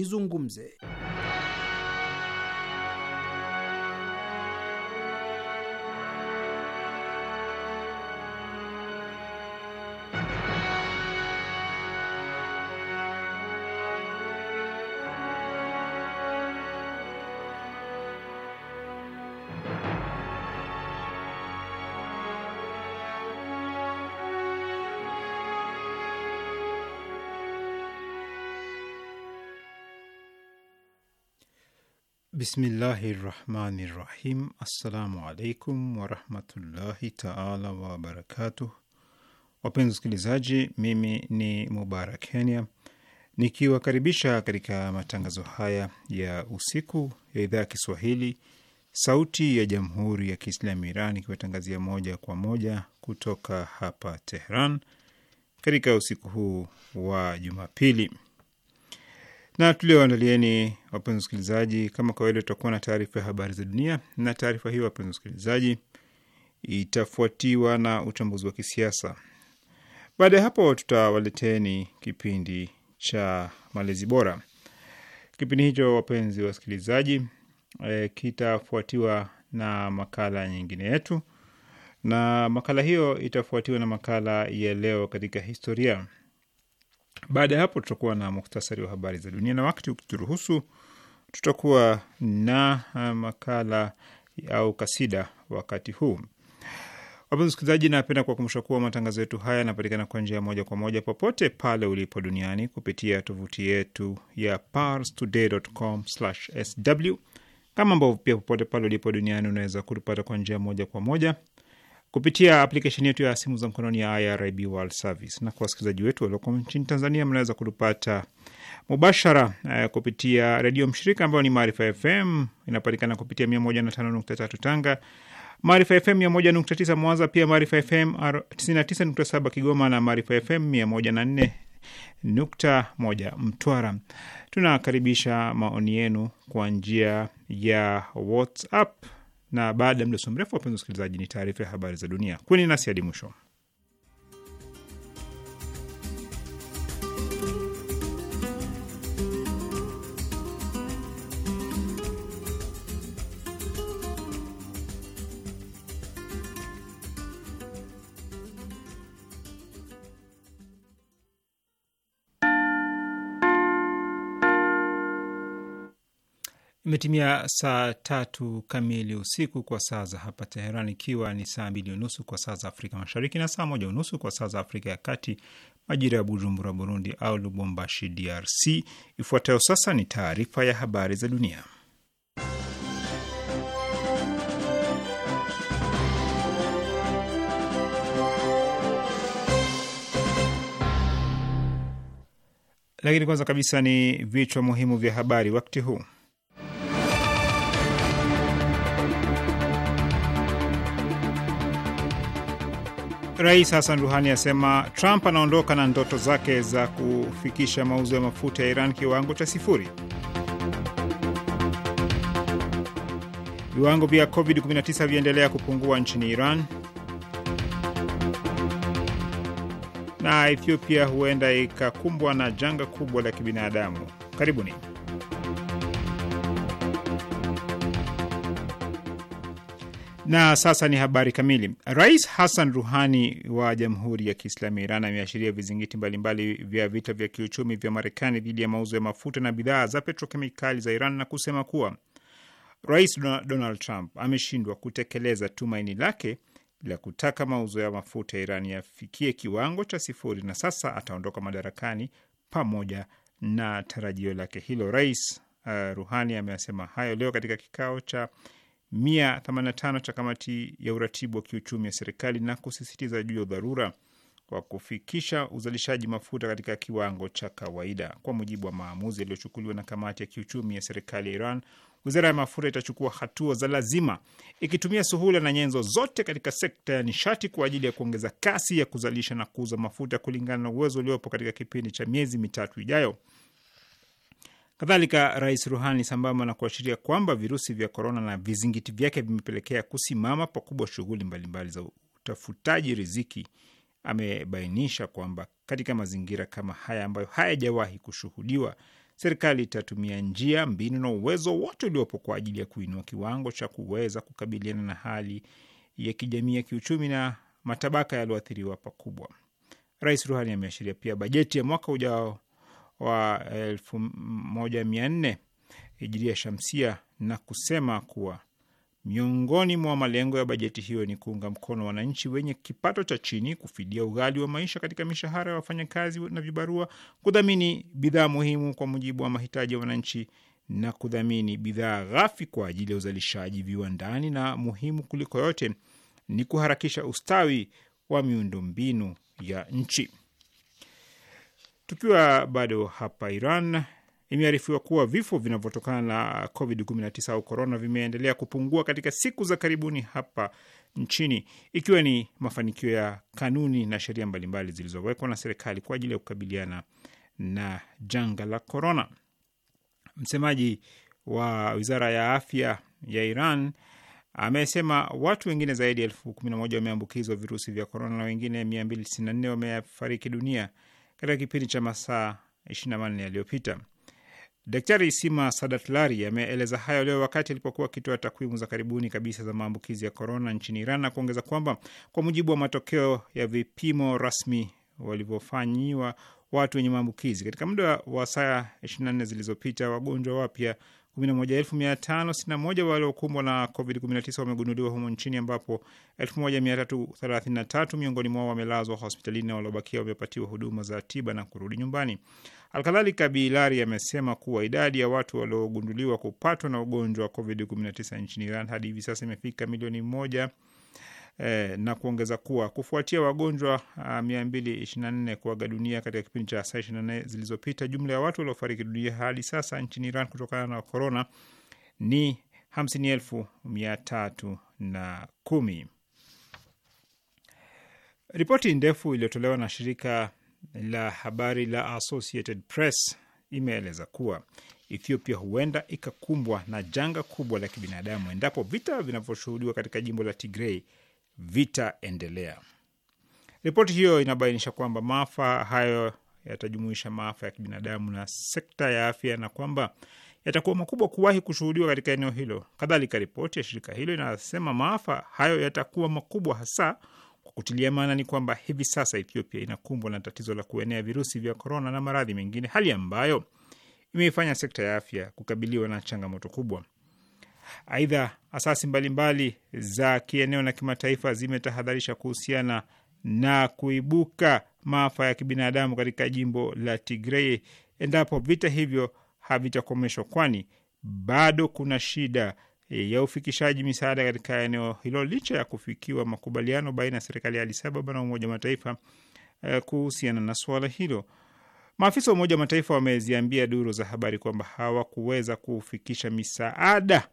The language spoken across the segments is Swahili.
izungumze. Bismillahi rahmani rahim. Assalamu alaikum warahmatullahi taala wabarakatuh. Wapenzi wasikilizaji, mimi ni Mubarak Kenya nikiwakaribisha katika matangazo haya ya usiku ya idhaa ya Kiswahili sauti ya jamhuri ya Kiislamu Iran ikiwatangazia moja kwa moja kutoka hapa Tehran katika usiku huu wa Jumapili na tulioandalieni wapenzi wasikilizaji, kama kawaida, tutakuwa na taarifa ya habari za dunia, na taarifa hiyo wapenzi wasikilizaji, itafuatiwa na uchambuzi wa kisiasa. Baada ya hapo, tutawaleteni kipindi cha malezi bora. Kipindi hicho wapenzi wasikilizaji, e, kitafuatiwa na makala nyingine yetu, na makala hiyo itafuatiwa na makala ya leo katika historia. Baada ya hapo tutakuwa na muktasari wa habari za dunia, na wakati ukituruhusu, tutakuwa na uh, makala au kasida. Wakati huu wapenzi wasikilizaji, napenda kuwakumbusha kuwa matangazo yetu haya yanapatikana kwa njia moja kwa moja popote pale ulipo duniani kupitia tovuti yetu ya parstoday.com/sw, kama ambavyo pia popote pale ulipo duniani unaweza kutupata kwa njia moja kwa moja kupitia aplikesheni yetu ya simu za mkononi ya IRIB World Service, na kwa wasikilizaji wetu walioko nchini Tanzania mnaweza kutupata mubashara uh, kupitia redio mshirika ambayo ni Maarifa FM, inapatikana kupitia 105.3 Tanga, Maarifa FM 101.9 Mwanza, pia Maarifa FM 99.7 Kigoma na Maarifa FM 104.1 Mtwara. Tunakaribisha maoni yenu kwa njia ya WhatsApp na baada ya mdoso mrefu, wapenzi wasikilizaji, ni taarifa ya habari za dunia. Kweni nasi hadi mwisho. Imetimia saa tatu kamili usiku kwa saa za hapa Teheran, ikiwa ni saa mbili unusu kwa saa za Afrika Mashariki na saa moja unusu kwa saa za Afrika ya Kati, majira ya Bujumbura, Burundi, au Lubumbashi, DRC. Ifuatayo sasa ni taarifa ya habari za dunia, lakini kwanza kabisa ni vichwa muhimu vya habari wakati huu. Rais Hassan Ruhani asema Trump anaondoka na ndoto zake za kufikisha mauzo ya mafuta ya Iran kiwango cha sifuri. Viwango vya COVID-19 vyaendelea kupungua nchini Iran, na Ethiopia huenda ikakumbwa na janga kubwa la kibinadamu. Karibuni. Na sasa ni habari kamili. Rais Hassan Ruhani wa Jamhuri ya Kiislamu ya Iran ameashiria vizingiti mbalimbali vya vita vya kiuchumi vya Marekani dhidi ya mauzo ya mafuta na bidhaa za petrokemikali za Iran na kusema kuwa Rais Donald Trump ameshindwa kutekeleza tumaini lake la kutaka mauzo ya mafuta ya Iran yafikie kiwango cha sifuri na sasa ataondoka madarakani pamoja na tarajio lake hilo. Rais uh, Ruhani amesema hayo leo katika kikao cha 185 cha kamati ya uratibu wa kiuchumi ya serikali na kusisitiza juu ya udharura wa kufikisha uzalishaji mafuta katika kiwango cha kawaida. Kwa mujibu wa maamuzi yaliyochukuliwa na kamati ya kiuchumi ya serikali ya Iran, wizara ya mafuta itachukua hatua za lazima ikitumia suhula na nyenzo zote katika sekta ya nishati kwa ajili ya kuongeza kasi ya kuzalisha na kuuza mafuta kulingana na uwezo uliopo katika kipindi cha miezi mitatu ijayo. Kadhalika, Rais Ruhani, sambamba na kuashiria kwamba virusi vya korona na vizingiti vyake vimepelekea kusimama pakubwa shughuli mbalimbali za utafutaji riziki, amebainisha kwamba katika mazingira kama haya ambayo hayajawahi kushuhudiwa, serikali itatumia njia, mbinu na uwezo wote uliopo kwa ajili ya kuinua kiwango cha kuweza kukabiliana na hali ya kijamii, ya kiuchumi na matabaka yaliyoathiriwa pakubwa. Rais Ruhani ameashiria pia bajeti ya mwaka ujao wa elfu moja mia nne hijiria shamsia na kusema kuwa miongoni mwa malengo ya bajeti hiyo ni kuunga mkono wananchi wenye kipato cha chini, kufidia ughali wa maisha katika mishahara ya wafanyakazi na vibarua, kudhamini bidhaa muhimu kwa mujibu wa mahitaji ya wananchi na kudhamini bidhaa ghafi kwa ajili ya uzalishaji viwandani, na muhimu kuliko yote ni kuharakisha ustawi wa miundombinu ya nchi. Tukiwa bado hapa Iran, imearifiwa kuwa vifo vinavyotokana na COVID-19 au korona vimeendelea kupungua katika siku za karibuni hapa nchini, ikiwa ni mafanikio ya kanuni na sheria mbalimbali zilizowekwa na serikali kwa ajili ya kukabiliana na janga la korona. Msemaji wa wizara ya afya ya Iran amesema watu wengine zaidi ya elfu kumi na moja wameambukizwa virusi vya korona na wengine 294 wamefariki dunia katika kipindi cha masaa 24 yaliyopita. Daktari Sima Sadatlari ameeleza hayo leo wakati alipokuwa akitoa takwimu za karibuni kabisa za maambukizi ya korona nchini Iran na kuongeza kwamba kwa mujibu wa matokeo ya vipimo rasmi walivyofanyiwa watu wenye maambukizi katika muda wa saa 24 zilizopita, wagonjwa wapya 11561 waliokumbwa na COVID-19 wamegunduliwa humo nchini ambapo 1333 miongoni mwao wamelazwa hospitalini na waliobakia wamepatiwa huduma za tiba na kurudi nyumbani. Alkadhalika, Bilari amesema kuwa idadi ya watu waliogunduliwa kupatwa na ugonjwa wa COVID-19 nchini Iran hadi hivi sasa imefika milioni moja eh, na kuongeza kuwa kufuatia wagonjwa ah, mia kuaga dunia katika kipindi cha saa 24 zilizopita, jumla ya watu waliofariki dunia hadi sasa nchini Iran kutokana na korona ni 50310. Ripoti ndefu iliyotolewa na shirika la habari la Associated Press imeeleza kuwa Ethiopia huenda ikakumbwa na janga kubwa la kibinadamu endapo vita vinavyoshuhudiwa katika jimbo la Tigrei vitaendelea. Ripoti hiyo inabainisha kwamba maafa hayo yatajumuisha maafa ya kibinadamu na sekta ya afya na kwamba yatakuwa makubwa kuwahi kushuhudiwa katika eneo hilo. Kadhalika, ripoti ya shirika hilo inasema maafa hayo yatakuwa makubwa hasa kwa kutilia maanani kwamba hivi sasa Ethiopia inakumbwa na tatizo la kuenea virusi vya korona na maradhi mengine, hali ambayo imeifanya sekta ya afya kukabiliwa na changamoto kubwa. Aidha, asasi mbalimbali za kieneo na kimataifa zimetahadharisha kuhusiana na kuibuka maafa ya kibinadamu katika jimbo la Tigrei endapo vita hivyo havitakomeshwa, kwani bado kuna shida ya ufikishaji misaada katika eneo hilo licha ya kufikiwa makubaliano baina ya serikali ya Addis Ababa na Umoja wa Mataifa eh, kuhusiana na suala hilo. Maafisa wa Umoja wa Mataifa wameziambia duru za habari kwamba hawakuweza kufikisha misaada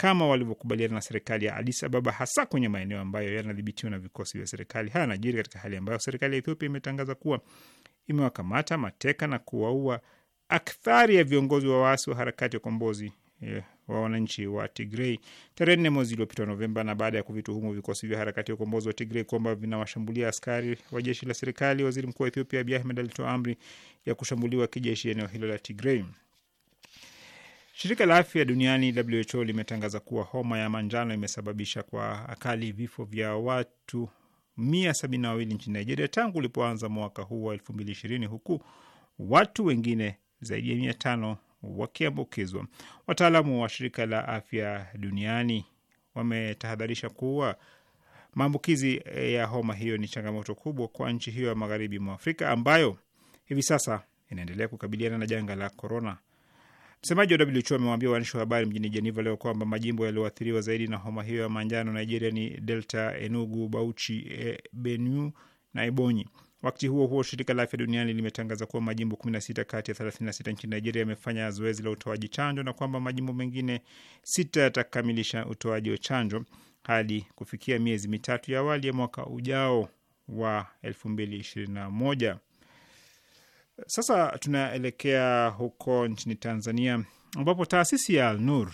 kama walivyokubaliana na serikali ya Addis Ababa, hasa kwenye maeneo ambayo yanadhibitiwa na vikosi vya serikali. Haya yanajiri katika hali ambayo serikali ya Ethiopia imetangaza kuwa imewakamata mateka na kuwaua akthari ya viongozi wa waasi wa harakati ya ukombozi yeah, wa wananchi wa Tigrei tarehe nne mwezi uliopita Novemba, na baada ya kuvituhumu vikosi vya harakati ya ukombozi wa Tigrei kwamba vinawashambulia askari wa jeshi la serikali, waziri mkuu wa Ethiopia Abiy Ahmed alitoa amri ya kushambuliwa kijeshi eneo hilo la Tigrei. Shirika la afya duniani WHO limetangaza kuwa homa ya manjano imesababisha kwa akali vifo vya watu mia sabini na wawili nchini Nigeria tangu ulipoanza mwaka huu wa elfu mbili ishirini huku watu wengine zaidi ya mia tano wakiambukizwa. Wataalamu wa shirika la afya duniani wametahadharisha kuwa maambukizi eh, ya homa hiyo ni changamoto kubwa kwa nchi hiyo ya magharibi mwa Afrika ambayo hivi sasa inaendelea kukabiliana na janga la korona Msemaji wa WHO amewaambia waandishi wa habari mjini Jeneva leo kwamba majimbo yaliyoathiriwa zaidi na homa hiyo ya manjano Nigeria ni Delta, Enugu, Bauchi, e, Benue na Ebonyi. Wakati huo huo, shirika la afya duniani limetangaza kuwa majimbo 16 kati ya 36 nchini Nigeria yamefanya zoezi la utoaji chanjo na kwamba majimbo mengine sita yatakamilisha utoaji wa chanjo hadi kufikia miezi mitatu ya awali ya mwaka ujao wa 2021. Sasa tunaelekea huko nchini Tanzania ambapo taasisi ya Alnur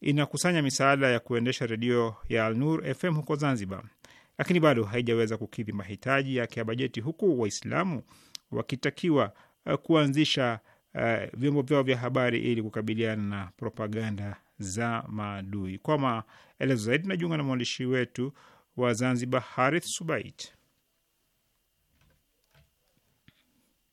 inakusanya misaada ya kuendesha redio ya Alnur FM huko Zanzibar, lakini bado haijaweza kukidhi mahitaji yake ya bajeti, huku Waislamu wakitakiwa eh, kuanzisha uh, vyombo vyao vya habari ili kukabiliana na propaganda za maadui. Kwa maelezo zaidi, tunajiunga na mwandishi wetu wa Zanzibar, Harith Subait.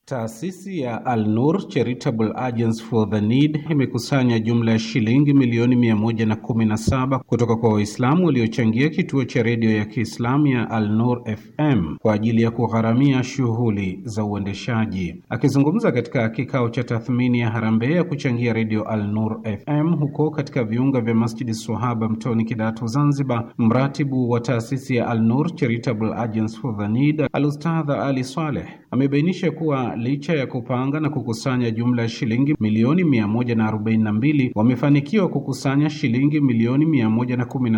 Taasisi ya Al-Nur Charitable Agents for the Need imekusanya jumla ya shilingi milioni 117 kutoka kwa Waislamu waliochangia kituo cha redio ya Kiislamu ya Al-Nur FM kwa ajili ya kugharamia shughuli za uendeshaji. Akizungumza katika kikao cha tathmini ya harambee ya kuchangia redio Al-Nur FM huko katika viunga vya Masjidi suhaba Mtoni Kidatu Zanzibar, mratibu wa taasisi ya Al-Nur Charitable Agents for the Need Alustadha Ali Saleh amebainisha kuwa licha ya kupanga na kukusanya jumla ya shilingi milioni mbili wamefanikiwa kukusanya shilingi milioni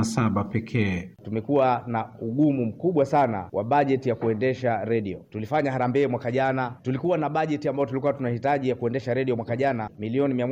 saba pekee. Tumekuwa na ugumu mkubwa sana wa bajeti ya kuendesha redio. Tulifanya harambee mwaka jana, tulikuwa na bajeti ambayo tulikuwa tunahitaji ya kuendesha redio mwaka jana, milioni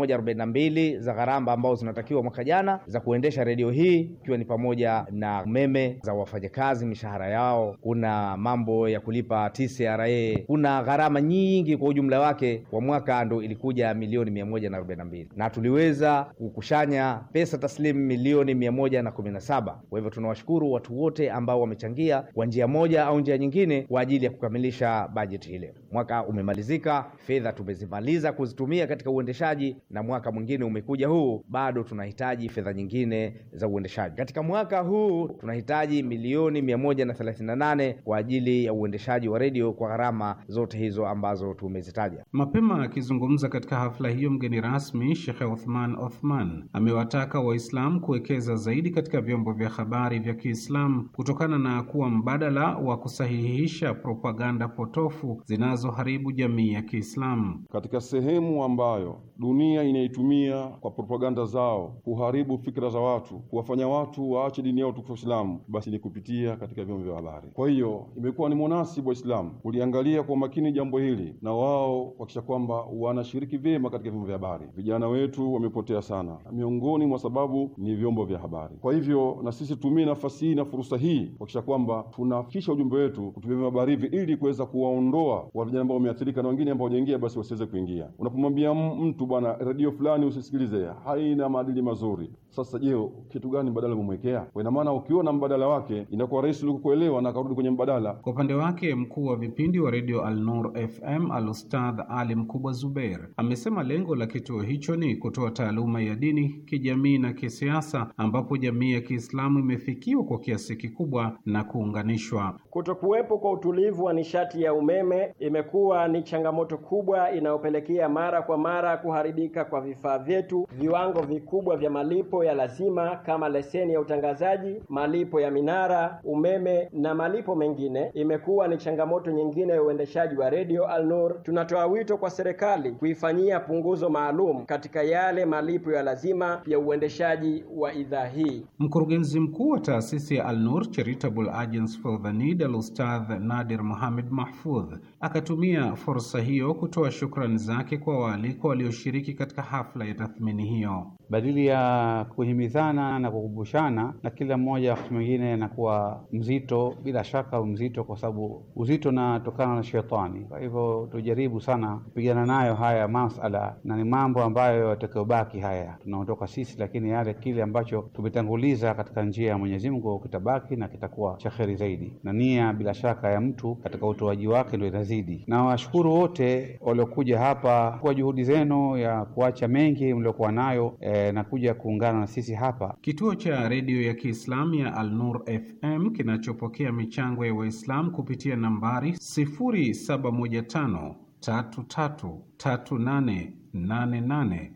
mbili za gharama ambazo zinatakiwa mwaka jana za kuendesha redio hii, ikiwa ni pamoja na meme za wafanyakazi, mishahara yao, kuna mambo ya kulipa TCRA kuna gharama nyingi kwa ujumla wake kwa mwaka ndo ilikuja milioni 142 na tuliweza kukushanya pesa taslimu milioni 117. Kwa hivyo tunawashukuru watu wote ambao wamechangia kwa njia moja au njia nyingine kwa ajili ya kukamilisha bajeti ile. Mwaka umemalizika, fedha tumezimaliza kuzitumia katika uendeshaji, na mwaka mwingine umekuja huu, bado tunahitaji fedha nyingine za uendeshaji. Katika mwaka huu tunahitaji milioni 138 kwa ajili ya uendeshaji wa redio kwa gharama zote hizo ambazo tumezitaja. Mapema akizungumza katika hafla hiyo, mgeni rasmi Shekhe Uthman Othman amewataka Waislamu kuwekeza zaidi katika vyombo vya habari vya Kiislamu kutokana na kuwa mbadala wa kusahihisha propaganda potofu zinazoharibu jamii ya Kiislamu katika sehemu ambayo dunia inaitumia kwa propaganda zao kuharibu fikra za watu, kuwafanya watu waache dini yao tukufu islamu basi ni kupitia katika vyombo vya habari. Kwa hiyo imekuwa ni munasibu Islamu kuliangalia kwa umakini jambo hili na wao kuhakikisha kwamba wanashiriki vyema katika vyombo vya habari. Vijana wetu wamepotea sana, miongoni mwa sababu ni vyombo vya habari. Kwa hivyo na sisi tutumie nafasi hii na fursa hii kuhakikisha kwamba tunafikisha ujumbe wetu kupitia vyombo vya habari hivi, ili kuweza kuwaondoa wa vijana ambao wameathirika na wengine ambao hawajaingia, basi wasiweze kuingia. Unapomwambia mtu bwana, redio fulani usisikilize, haina maadili mazuri. Sasa je, kitu gani mbadala umemwekea? Kwa ina maana ukiona mbadala wake inakuwa rahisi kukuelewa na akarudi kwenye mbadala. Kwa upande wake mkuu wa vipindi wa redio redio Al-Nur FM Al-Ustadh Ali Mkubwa Zubeir amesema lengo la kituo hicho ni kutoa taaluma ya dini, kijamii na kisiasa, ambapo jamii ya Kiislamu imefikiwa kwa kiasi kikubwa na kuunganishwa. Kutokuwepo kwa utulivu wa nishati ya umeme imekuwa ni changamoto kubwa inayopelekea mara kwa mara kuharibika kwa vifaa vyetu, viwango vikubwa vya malipo ya lazima kama leseni ya utangazaji, malipo ya minara, umeme na malipo mengine imekuwa ni changamoto nyingine ya uendeshaji wa redio Al-Nur, tunatoa wito kwa serikali kuifanyia punguzo maalum katika yale malipo ya lazima ya uendeshaji wa idhaa hii. Mkurugenzi mkuu wa taasisi ya Al-Nur Charitable Agency for the Need Al-Ustadh Nadir Muhammad Mahfudh Akatumia fursa hiyo kutoa shukrani zake kwa waalikwa walioshiriki katika hafla ya tathmini hiyo. Badili ya kuhimizana na kukumbushana, na kila mmoja wakati mwingine anakuwa mzito, bila shaka mzito, kwa sababu uzito unatokana na shetani. Kwa hivyo tujaribu sana kupigana nayo haya masala, na ni mambo ambayo yatakayobaki haya tunaondoka sisi, lakini yale kile ambacho tumetanguliza katika njia ya Mwenyezi Mungu kitabaki na kitakuwa cha kheri zaidi, na nia bila shaka ya mtu katika utoaji wake ndio kuzidi. Na washukuru wote waliokuja hapa kwa juhudi zenu ya kuacha mengi mliokuwa nayo e, na kuja kuungana na sisi hapa. Kituo cha redio ya Kiislamu ya Al-Nur FM kinachopokea michango ya Waislamu kupitia nambari 0715 333888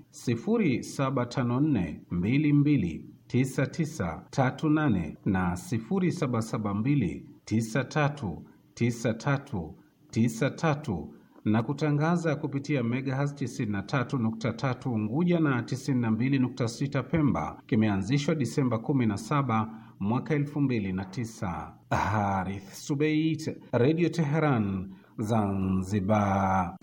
0754 na 0772 93 na kutangaza kupitia megahertz 93.3 Unguja na 92.6 Pemba. Kimeanzishwa Disemba 17 mwaka 2009. Harith Subeit, Radio Teheran, Zanzibar.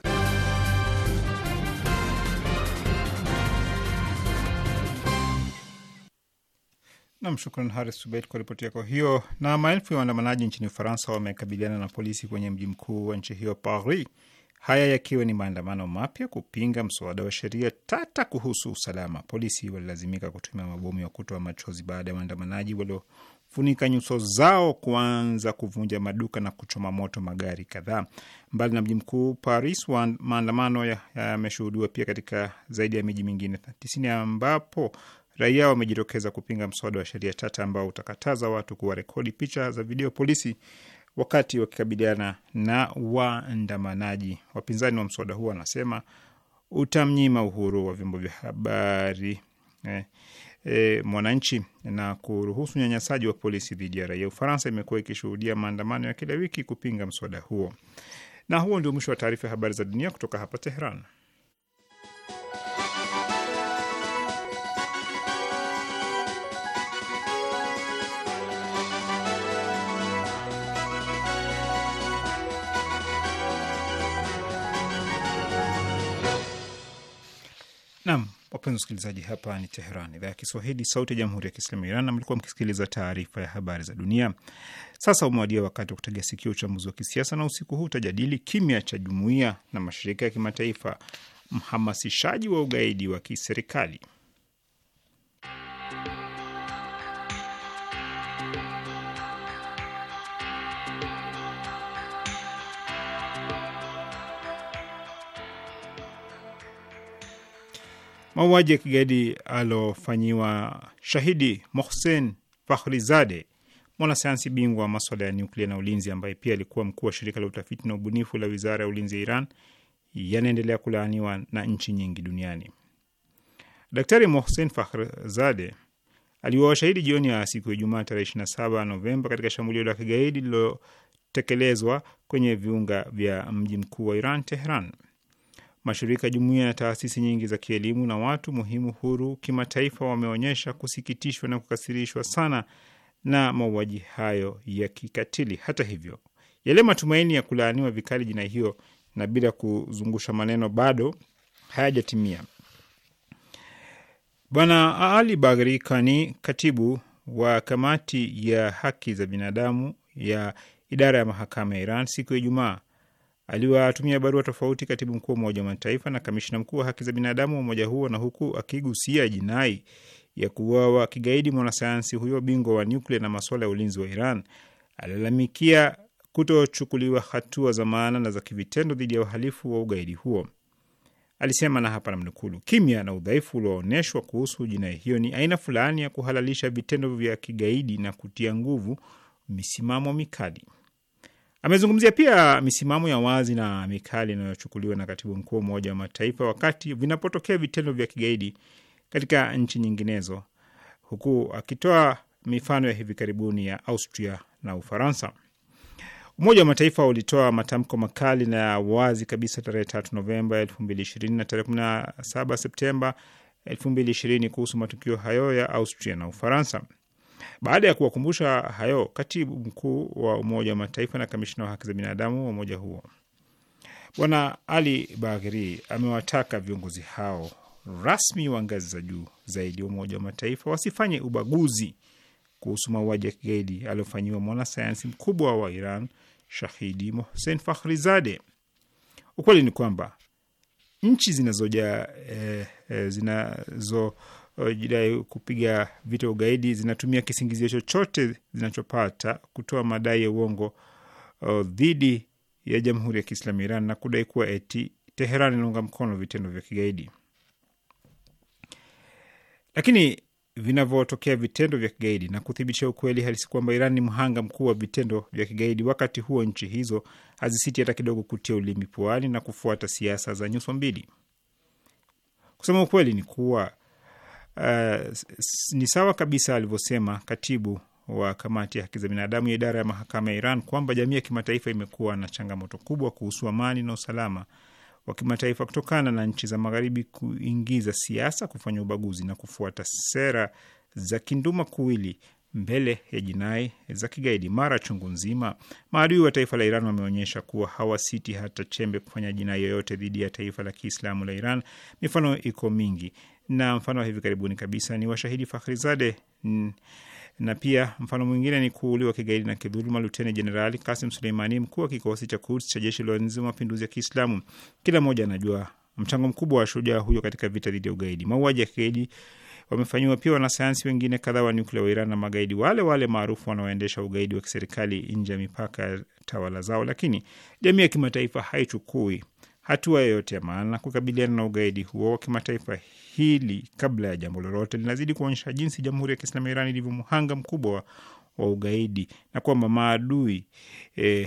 Nam, shukran Haris Subait kwa ripoti yako hiyo. Na maelfu ya waandamanaji nchini Ufaransa wamekabiliana na polisi kwenye mji mkuu wa nchi hiyo Paris, haya yakiwa ni maandamano mapya kupinga mswada wa sheria tata kuhusu usalama. Polisi walilazimika kutumia mabomu ya kutoa machozi baada ya waandamanaji waliofunika nyuso zao kuanza kuvunja maduka na kuchoma moto magari kadhaa. Mbali na mji mkuu Paris, maandamano yameshuhudiwa pia katika zaidi ya miji mingine tisini ambapo raia wamejitokeza kupinga mswada wa sheria tata ambao utakataza watu kuwarekodi picha za video polisi wakati wakikabiliana na waandamanaji. Wapinzani wa mswada huo wanasema utamnyima uhuru wa vyombo vya habari eh, eh, mwananchi na kuruhusu unyanyasaji wa polisi dhidi ya raia. Ufaransa imekuwa ikishuhudia maandamano ya kila wiki kupinga mswada huo. Na huo ndio mwisho wa taarifa ya habari za dunia kutoka hapa teheran Naam, wapenzi wasikilizaji, hapa ni Teheran, idhaa ya Kiswahili, sauti ya jamhuri ya kiislamu ya Iran, na mlikuwa mkisikiliza taarifa ya habari za dunia. Sasa umewadia wakati wa kutega sikio uchambuzi wa kisiasa, na usiku huu utajadili kimya cha jumuiya na mashirika ya kimataifa, mhamasishaji wa ugaidi wa kiserikali. Mauaji ya kigaidi alofanyiwa shahidi Mohsen Fakhrizade, mwanasayansi bingwa wa maswala ya nyuklia na ulinzi, ambaye pia alikuwa mkuu wa shirika la utafiti na ubunifu la wizara ya ulinzi ya Iran, yanaendelea kulaaniwa na nchi nyingi duniani. Daktari Mohsen Fakhrizade aliwa washahidi jioni ya siku ya Jumaa tarehe 27 Novemba katika shambulio la kigaidi lililotekelezwa kwenye viunga vya mji mkuu wa Iran, Tehran. Mashirika ya jumuiya ya taasisi nyingi za kielimu na watu muhimu huru kimataifa wameonyesha kusikitishwa na kukasirishwa sana na mauaji hayo ya kikatili. Hata hivyo, yale matumaini ya kulaaniwa vikali jinai hiyo na bila kuzungusha maneno bado hayajatimia. Bwana Ali Bagri Kani, katibu wa kamati ya haki za binadamu ya idara ya mahakama ya Iran, siku ya Ijumaa aliwatumia barua tofauti katibu mkuu wa Umoja wa Mataifa na kamishina mkuu wa haki za binadamu wa umoja huo, na huku akigusia jinai ya kuuawa kigaidi mwanasayansi huyo bingwa wa nyuklia na masuala ya ulinzi wa Iran, alilalamikia kutochukuliwa hatua za maana na za kivitendo dhidi ya uhalifu wa ugaidi huo. Alisema, na hapa namnukulu, kimya na udhaifu ulioonyeshwa kuhusu jinai hiyo ni aina fulani ya kuhalalisha vitendo vya kigaidi na kutia nguvu misimamo mikali. Amezungumzia pia misimamo ya wazi na mikali inayochukuliwa na katibu mkuu wa Umoja wa Mataifa wakati vinapotokea vitendo vya kigaidi katika nchi nyinginezo, huku akitoa mifano ya hivi karibuni ya Austria na Ufaransa. Umoja wa Mataifa ulitoa matamko makali na ya wazi kabisa tarehe tatu Novemba elfu mbili ishirini na tarehe kumi na saba Septemba elfu mbili ishirini kuhusu matukio hayo ya Austria na Ufaransa. Baada ya kuwakumbusha hayo, katibu mkuu wa Umoja wa Mataifa na kamishina wa haki za binadamu wa umoja huo Bwana Ali Bagheri amewataka viongozi hao rasmi wa ngazi za juu zaidi wa Umoja wa Mataifa wasifanye ubaguzi kuhusu mauaji ya kigaidi aliyofanyiwa mwanasayansi mkubwa wa Iran shahidi Mohsen Fakhrizade. Ukweli ni kwamba nchi zinazoja eh, eh, zinazo Eh, jidai kupiga vita ugaidi zinatumia kisingizio chochote zinachopata kutoa madai ya uongo eh, dhidi ya Jamhuri ya Kiislamu Iran na kudai kuwa eti Teheran inaunga mkono vitendo vya kigaidi. Lakini vinavyotokea vitendo vya kigaidi na kuthibitisha ukweli halisi kwamba Iran ni mhanga mkuu wa vitendo vya kigaidi. Wakati huo nchi hizo hazisiti hata kidogo kutia ulimi puani na kufuata siasa za nyuso mbili. Kusema ukweli ni kuwa uh, ni sawa kabisa alivyosema katibu wa kamati ya haki za binadamu ya idara ya mahakama ya Iran kwamba jamii ya kimataifa imekuwa na changamoto kubwa kuhusu amani na usalama wa kimataifa kutokana na nchi za magharibi kuingiza siasa, kufanya ubaguzi na kufuata sera za kinduma kuwili mbele ya jinai za kigaidi. Mara chungu nzima maadui wa taifa la Iran wameonyesha kuwa hawasiti hata chembe kufanya jinai yoyote dhidi ya taifa la Kiislamu la Iran. Mifano iko mingi na mfano wa hivi karibuni kabisa ni washahidi Fakhrizade na pia mfano mwingine ni kuuliwa kigaidi na kidhuluma Luteni Jenerali Kasim Suleimani, mkuu wa kikosi cha Quds cha jeshi la walinzi wa mapinduzi ya Kiislamu. Kila mmoja anajua mchango mkubwa wa shujaa huyo katika vita dhidi ya ugaidi. Mauaji ya kigaidi wamefanyiwa pia wanasayansi wengine kadhaa wa nyuklia wa Iran na magaidi wale wale maarufu wanaoendesha ugaidi wa kiserikali nje ya mipaka ya tawala zao, lakini jamii ya kimataifa haichukui hatua yoyote ya maana kukabiliana na ugaidi huo wa kimataifa. Hili kabla ya jambo lolote linazidi kuonyesha jinsi Jamhuri ya Kiislamu ya Iran ilivyo mhanga mkubwa wa ugaidi na kwamba maadui e,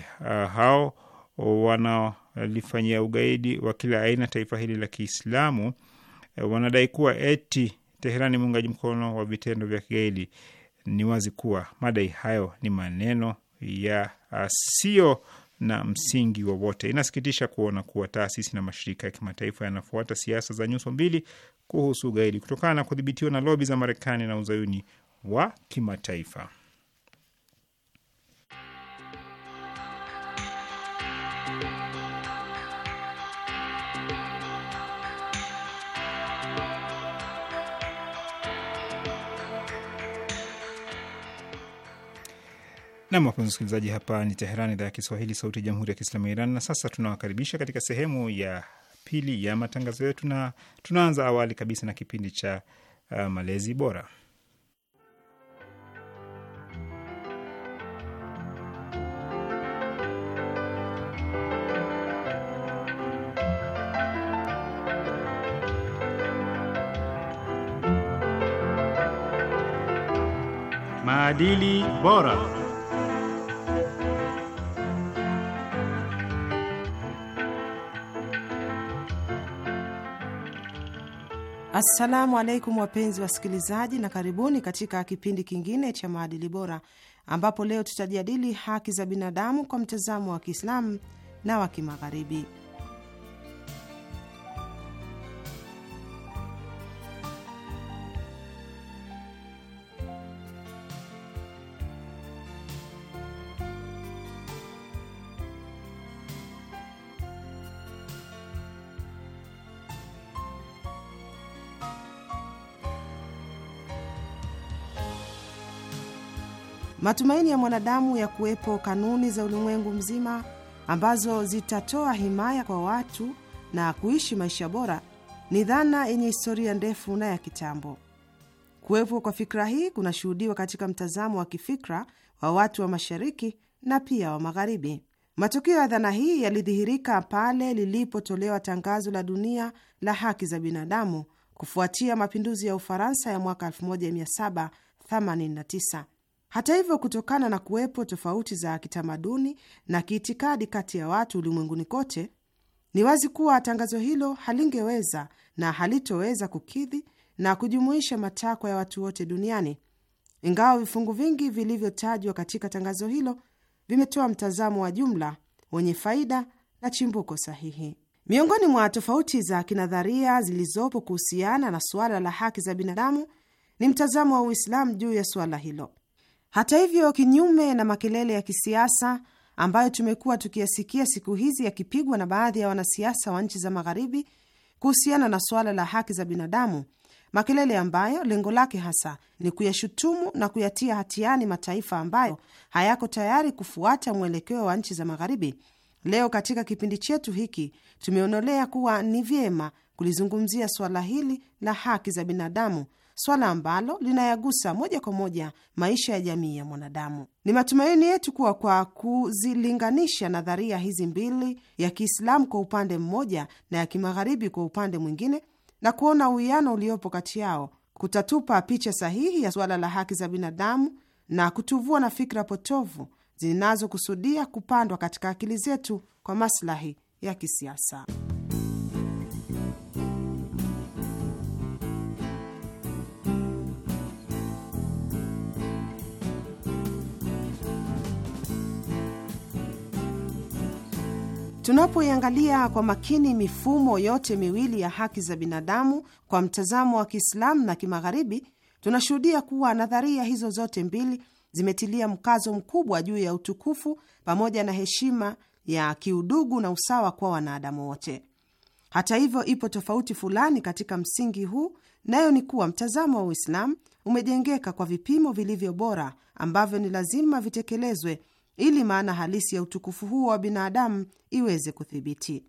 hao wanalifanyia ugaidi wa kila aina taifa hili la Kiislamu e, wanadai kuwa eti Teherani muungaji mkono wa vitendo vya kigaidi. Ni wazi kuwa madai hayo ni maneno ya uh, na msingi wowote. Inasikitisha kuona kuwa taasisi na mashirika ya kimataifa yanafuata siasa za nyuso mbili kuhusu ugaidi kutokana na kudhibitiwa na lobi za Marekani na uzayuni wa kimataifa. Nam, wapenzi msikilizaji, hapa ni teheran idhaa ya Kiswahili, sauti ya jamhuri ya kiislamu ya Iran. Na sasa tunawakaribisha katika sehemu ya pili ya matangazo yetu, na tunaanza awali kabisa na kipindi cha uh, malezi bora. Maadili bora. Assalamu alaikum wapenzi wasikilizaji, na karibuni katika kipindi kingine cha maadili bora, ambapo leo tutajadili haki za binadamu kwa mtazamo wa Kiislamu na wa Kimagharibi. Matumaini ya mwanadamu ya kuwepo kanuni za ulimwengu mzima ambazo zitatoa himaya kwa watu na kuishi maisha bora ni dhana yenye historia ndefu na ya kitambo. Kuwepo kwa fikra hii kunashuhudiwa katika mtazamo wa kifikra wa watu wa mashariki na pia wa magharibi. Matukio ya dhana hii yalidhihirika pale lilipotolewa tangazo la dunia la haki za binadamu kufuatia mapinduzi ya Ufaransa ya mwaka 1789. Hata hivyo, kutokana na kuwepo tofauti za kitamaduni na kiitikadi kati ya watu ulimwenguni kote, ni wazi kuwa tangazo hilo halingeweza na halitoweza kukidhi na kujumuisha matakwa ya watu wote duniani, ingawa vifungu vingi vilivyotajwa katika tangazo hilo vimetoa mtazamo wa jumla wenye faida na chimbuko sahihi. Miongoni mwa tofauti za kinadharia zilizopo kuhusiana na suala la haki za binadamu ni mtazamo wa Uislamu juu ya suala hilo. Hata hivyo, kinyume na makelele ya kisiasa ambayo tumekuwa tukiyasikia siku hizi yakipigwa na baadhi ya wanasiasa wa nchi za Magharibi kuhusiana na suala la haki za binadamu, makelele ambayo lengo lake hasa ni kuyashutumu na kuyatia hatiani mataifa ambayo hayako tayari kufuata mwelekeo wa nchi za Magharibi. Leo katika kipindi chetu hiki tumeonolea kuwa ni vyema kulizungumzia suala hili la haki za binadamu swala ambalo linayagusa moja kwa moja maisha ya jamii ya mwanadamu. Ni matumaini yetu kuwa kwa kuzilinganisha nadharia hizi mbili, ya Kiislamu kwa upande mmoja na ya Kimagharibi kwa upande mwingine, na kuona uwiano uliopo kati yao kutatupa picha sahihi ya suala la haki za binadamu na kutuvua na fikra potovu zinazokusudia kupandwa katika akili zetu kwa maslahi ya kisiasa. Tunapoiangalia kwa makini mifumo yote miwili ya haki za binadamu kwa mtazamo wa Kiislamu na Kimagharibi, tunashuhudia kuwa nadharia hizo zote mbili zimetilia mkazo mkubwa juu ya utukufu pamoja na heshima ya kiudugu na usawa kwa wanadamu wote. Hata hivyo, ipo tofauti fulani katika msingi huu, nayo ni kuwa mtazamo wa Uislamu umejengeka kwa vipimo vilivyo bora ambavyo ni lazima vitekelezwe ili maana halisi ya utukufu huo wa binadamu iweze kuthibiti.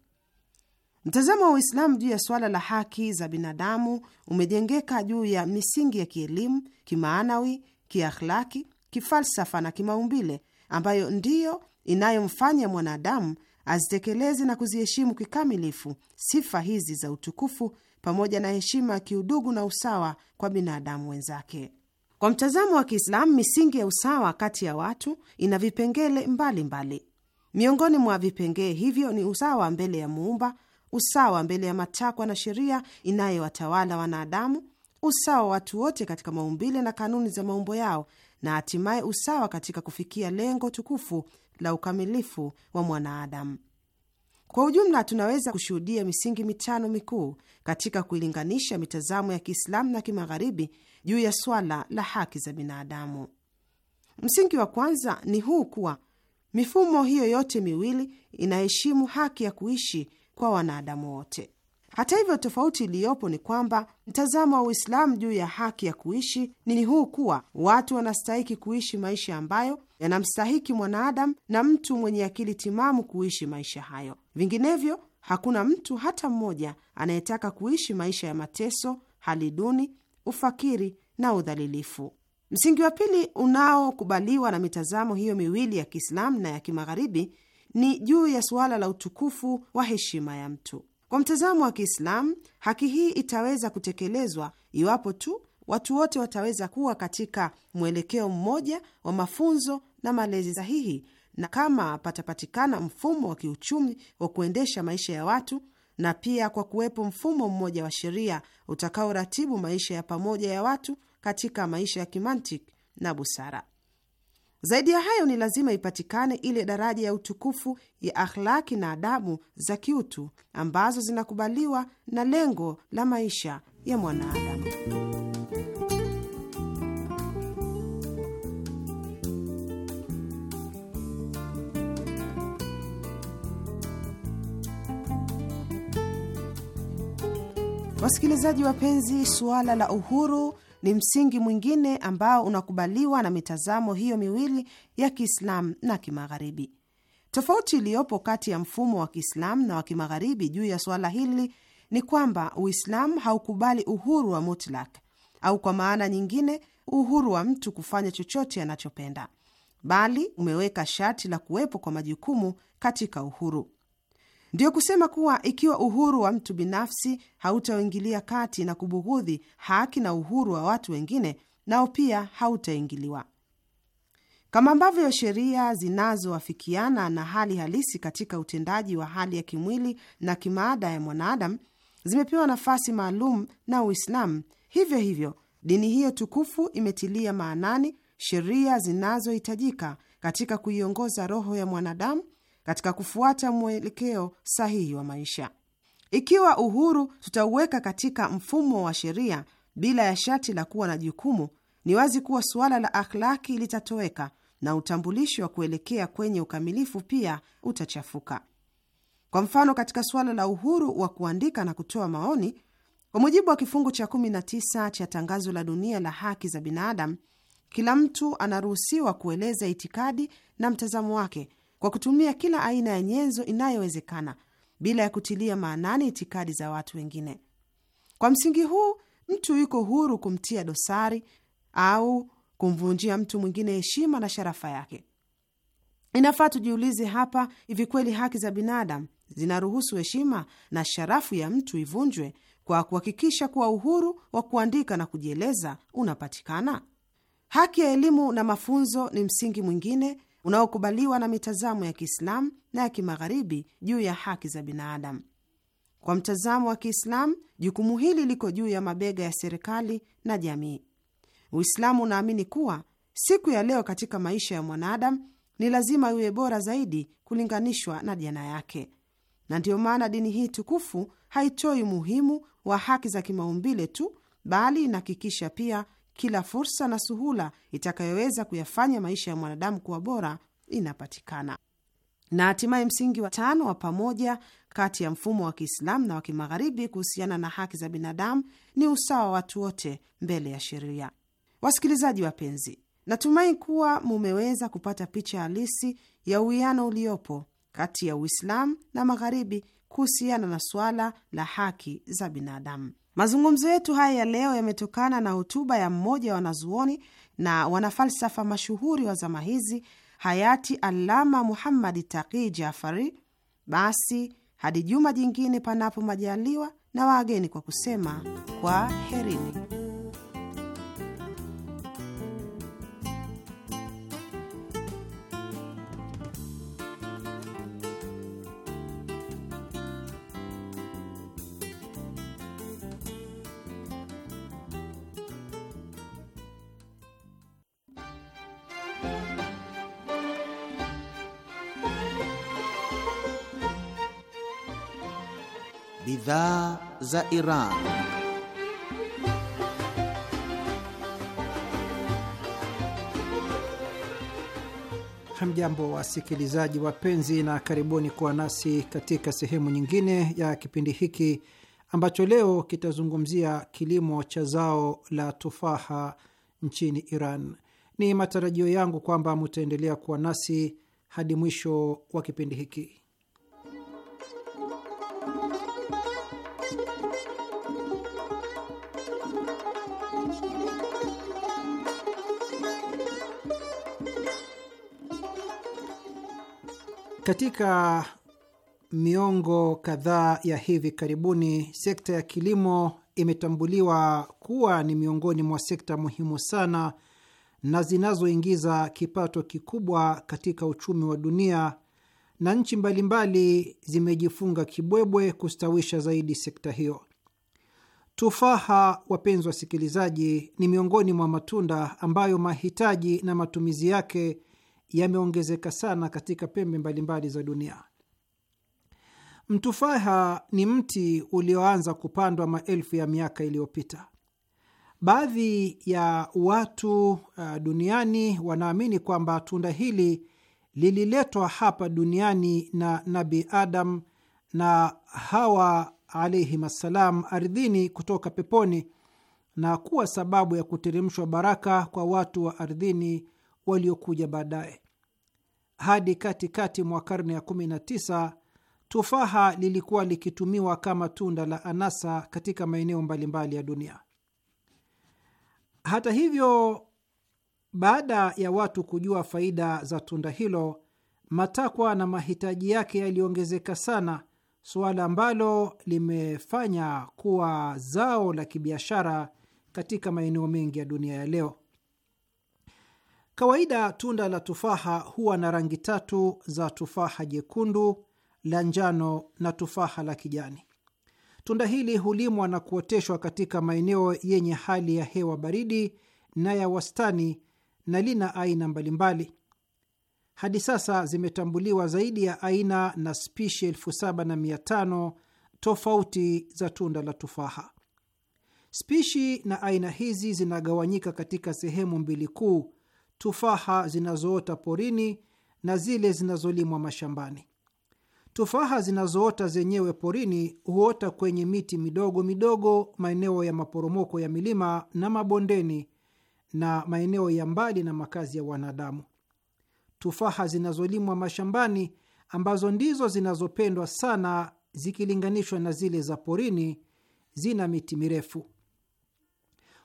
Mtazamo wa Uislamu juu ya suala la haki za binadamu umejengeka juu ya misingi ya kielimu, kimaanawi, kiakhlaki, kifalsafa na kimaumbile ambayo ndiyo inayomfanya mwanadamu azitekeleze na kuziheshimu kikamilifu sifa hizi za utukufu pamoja na heshima ya kiudugu na usawa kwa binadamu wenzake. Kwa mtazamo wa Kiislamu, misingi ya usawa kati ya watu ina vipengele mbalimbali. Miongoni mwa vipengee hivyo ni usawa mbele ya Muumba, usawa mbele ya matakwa na sheria inayowatawala wanadamu, usawa wa watu wote katika maumbile na kanuni za maumbo yao, na hatimaye usawa katika kufikia lengo tukufu la ukamilifu wa mwanaadamu. Kwa ujumla, tunaweza kushuhudia misingi mitano mikuu katika kuilinganisha mitazamo ya Kiislamu na Kimagharibi juu ya swala la haki za binadamu. Msingi wa kwanza ni huu kuwa mifumo hiyo yote miwili inaheshimu haki ya kuishi kwa wanadamu wote. Hata hivyo, tofauti iliyopo ni kwamba mtazamo wa Uislamu juu ya haki ya kuishi ni huu kuwa watu wanastahiki kuishi maisha ambayo yanamstahiki mwanadamu na mtu mwenye akili timamu kuishi maisha hayo. Vinginevyo hakuna mtu hata mmoja anayetaka kuishi maisha ya mateso, hali duni, ufakiri na udhalilifu. Msingi wa pili unaokubaliwa na mitazamo hiyo miwili ya Kiislamu na ya Kimagharibi ni juu ya suala la utukufu wa heshima ya mtu. Kwa mtazamo wa Kiislamu, haki hii itaweza kutekelezwa iwapo tu watu wote wataweza kuwa katika mwelekeo mmoja wa mafunzo na malezi sahihi na kama patapatikana mfumo wa kiuchumi wa kuendesha maisha ya watu na pia kwa kuwepo mfumo mmoja wa sheria utakaoratibu maisha ya pamoja ya watu katika maisha ya kimantiki na busara. Zaidi ya hayo, ni lazima ipatikane ile daraja ya utukufu ya akhlaki na adabu za kiutu ambazo zinakubaliwa na lengo la maisha ya mwanadamu. Wasikilizaji wapenzi, suala la uhuru ni msingi mwingine ambao unakubaliwa na mitazamo hiyo miwili ya Kiislamu na Kimagharibi. Tofauti iliyopo kati ya mfumo wa Kiislamu na wa Kimagharibi juu ya suala hili ni kwamba Uislamu haukubali uhuru wa mutlak, au kwa maana nyingine, uhuru wa mtu kufanya chochote anachopenda, bali umeweka sharti la kuwepo kwa majukumu katika uhuru. Ndiyo kusema kuwa ikiwa uhuru wa mtu binafsi hautaingilia kati na kubughudhi haki na uhuru wa watu wengine, nao pia hautaingiliwa. Kama ambavyo sheria zinazoafikiana na hali halisi katika utendaji wa hali ya kimwili na kimaada ya mwanadamu zimepewa nafasi maalum na Uislamu, hivyo hivyo dini hiyo tukufu imetilia maanani sheria zinazohitajika katika kuiongoza roho ya mwanadamu katika kufuata mwelekeo sahihi wa maisha. Ikiwa uhuru tutauweka katika mfumo wa sheria bila ya shati la kuwa na jukumu, ni wazi kuwa suala la akhlaki litatoweka na utambulishi wa kuelekea kwenye ukamilifu pia utachafuka. Kwa mfano, katika suala la uhuru wa kuandika na kutoa maoni, kwa mujibu wa kifungu cha 19 cha Tangazo la Dunia la Haki za Binadamu, kila mtu anaruhusiwa kueleza itikadi na mtazamo wake kwa kutumia kila aina ya nyenzo inayowezekana bila ya kutilia maanani itikadi za watu wengine. Kwa msingi huu, mtu yuko huru kumtia dosari au kumvunjia mtu mwingine heshima na sharafa yake. Inafaa tujiulize hapa, hivi kweli haki za binadamu zinaruhusu heshima na sharafu ya mtu ivunjwe kwa kuhakikisha kuwa uhuru wa kuandika na kujieleza unapatikana? Haki ya elimu na mafunzo ni msingi mwingine unaokubaliwa na mitazamo ya Kiislamu na ya Kimagharibi juu ya haki za binadamu. Kwa mtazamo wa Kiislamu, jukumu hili liko juu ya mabega ya serikali na jamii. Uislamu unaamini kuwa siku ya leo katika maisha ya mwanadamu ni lazima iwe bora zaidi kulinganishwa na jana yake, na ndiyo maana dini hii tukufu haitoi umuhimu wa haki za kimaumbile tu, bali inahakikisha pia kila fursa na suhula itakayoweza kuyafanya maisha ya mwanadamu kuwa bora inapatikana. Na hatimaye msingi wa tano wa pamoja kati ya mfumo wa Kiislamu na wa Kimagharibi kuhusiana na haki za binadamu ni usawa wa watu wote mbele ya sheria. Wasikilizaji wapenzi, natumai kuwa mumeweza kupata picha halisi ya uwiano uliopo kati ya Uislamu na Magharibi kuhusiana na suala la haki za binadamu. Mazungumzo yetu haya ya leo yametokana na hotuba ya mmoja wa wanazuoni na wanafalsafa mashuhuri wa zama hizi, hayati alama Muhammad Taqi Jafari. Basi hadi juma jingine, panapo majaliwa na waageni kwa kusema kwa herini. bidhaa za Iran. Hamjambo wasikilizaji wapenzi, na karibuni kuwa nasi katika sehemu nyingine ya kipindi hiki ambacho leo kitazungumzia kilimo cha zao la tufaha nchini Iran. Ni matarajio yangu kwamba mutaendelea kuwa nasi hadi mwisho wa kipindi hiki. Katika miongo kadhaa ya hivi karibuni, sekta ya kilimo imetambuliwa kuwa ni miongoni mwa sekta muhimu sana na zinazoingiza kipato kikubwa katika uchumi wa dunia na nchi mbalimbali zimejifunga kibwebwe kustawisha zaidi sekta hiyo. Tufaha, wapenzi wasikilizaji, ni miongoni mwa matunda ambayo mahitaji na matumizi yake yameongezeka sana katika pembe mbalimbali za dunia. Mtufaha ni mti ulioanza kupandwa maelfu ya miaka iliyopita. Baadhi ya watu uh, duniani wanaamini kwamba tunda hili lililetwa hapa duniani na Nabi Adam na Hawa alaihim assalam ardhini kutoka peponi na kuwa sababu ya kuteremshwa baraka kwa watu wa ardhini waliokuja baadaye. Hadi katikati mwa karne ya 19 tufaha lilikuwa likitumiwa kama tunda la anasa katika maeneo mbalimbali ya dunia. Hata hivyo, baada ya watu kujua faida za tunda hilo, matakwa na mahitaji yake yaliongezeka sana, suala ambalo limefanya kuwa zao la kibiashara katika maeneo mengi ya dunia ya leo. Kawaida tunda la tufaha huwa na rangi tatu za tufaha jekundu, la njano na tufaha la kijani. Tunda hili hulimwa na kuoteshwa katika maeneo yenye hali ya hewa baridi na ya wastani na lina aina mbalimbali. Hadi sasa zimetambuliwa zaidi ya aina na spishi elfu saba na mia tano tofauti za tunda la tufaha. Spishi na aina hizi zinagawanyika katika sehemu mbili kuu tufaha zinazoota porini na zile zinazolimwa mashambani. Tufaha zinazoota zenyewe porini huota kwenye miti midogo midogo, maeneo ya maporomoko ya milima na mabondeni, na maeneo ya mbali na makazi ya wanadamu. Tufaha zinazolimwa mashambani, ambazo ndizo zinazopendwa sana zikilinganishwa na zile za porini, zina miti mirefu.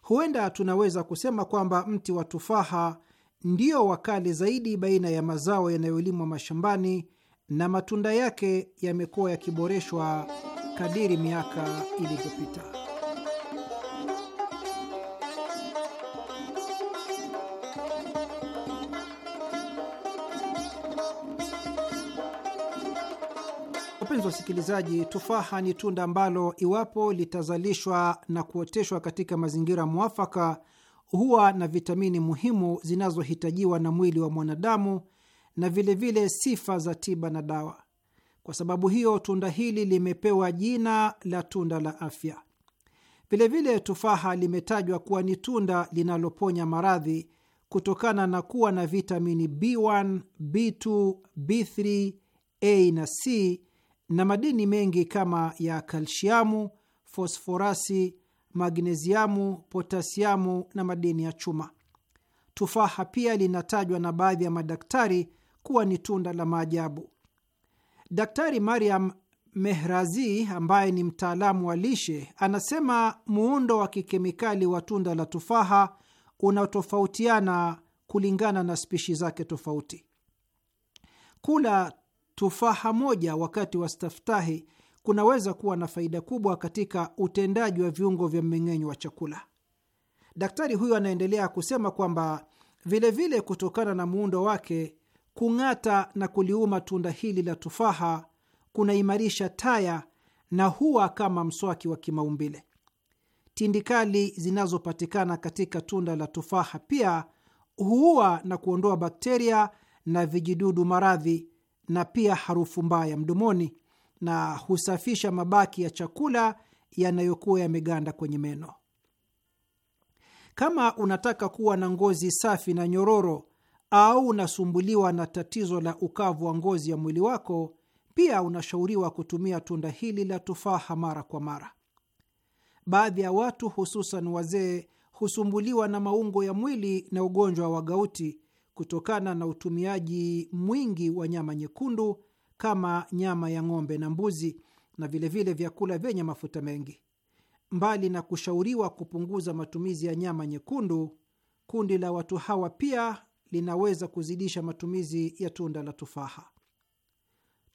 Huenda tunaweza kusema kwamba mti wa tufaha ndio wakale zaidi baina ya mazao yanayolimwa mashambani na matunda yake yamekuwa yakiboreshwa kadiri miaka ilivyopita. Wapenzi wasikilizaji, tufaha ni tunda ambalo iwapo litazalishwa na kuoteshwa katika mazingira mwafaka huwa na vitamini muhimu zinazohitajiwa na mwili wa mwanadamu na vilevile vile sifa za tiba na dawa. Kwa sababu hiyo, tunda hili limepewa jina la tunda la afya. Vilevile vile tufaha limetajwa kuwa ni tunda linaloponya maradhi kutokana na kuwa na vitamini B1, B2, B3, A na C na madini mengi kama ya kalsiamu, fosforasi magneziamu, potasiamu na madini ya chuma. Tufaha pia linatajwa na baadhi ya madaktari kuwa ni tunda la maajabu. Daktari Mariam Mehrazi ambaye ni mtaalamu wa lishe anasema muundo wa kikemikali wa tunda la tufaha unatofautiana kulingana na spishi zake tofauti. Kula tufaha moja wakati wa staftahi kunaweza kuwa na faida kubwa katika utendaji wa viungo vya mmeng'enyo wa chakula. Daktari huyo anaendelea kusema kwamba vilevile kutokana na muundo wake, kung'ata na kuliuma tunda hili la tufaha kunaimarisha taya na huwa kama mswaki wa kimaumbile. Tindikali zinazopatikana katika tunda la tufaha pia huua na kuondoa bakteria na vijidudu maradhi na pia harufu mbaya mdomoni na husafisha mabaki ya chakula yanayokuwa yameganda kwenye meno. Kama unataka kuwa na ngozi safi na nyororo au unasumbuliwa na tatizo la ukavu wa ngozi ya mwili wako, pia unashauriwa kutumia tunda hili la tufaha mara kwa mara. Baadhi ya watu hususan wazee husumbuliwa na maungo ya mwili na ugonjwa wa gauti kutokana na utumiaji mwingi wa nyama nyekundu kama nyama ya ng'ombe na mbuzi na vilevile vile vyakula vyenye mafuta mengi. Mbali na kushauriwa kupunguza matumizi ya nyama nyekundu, kundi la watu hawa pia linaweza kuzidisha matumizi ya tunda la tufaha.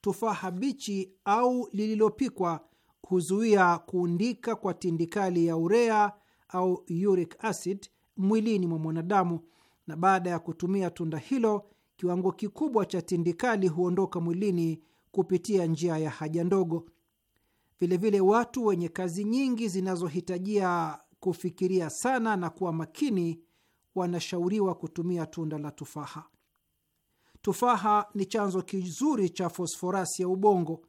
Tufaha bichi au lililopikwa huzuia kuundika kwa tindikali ya urea au uric acid mwilini mwa mwanadamu, na baada ya kutumia tunda hilo kiwango kikubwa cha tindikali huondoka mwilini kupitia njia ya haja ndogo. Vilevile, watu wenye kazi nyingi zinazohitajia kufikiria sana na kuwa makini wanashauriwa kutumia tunda la tufaha. Tufaha ni chanzo kizuri cha fosforasi ya ubongo,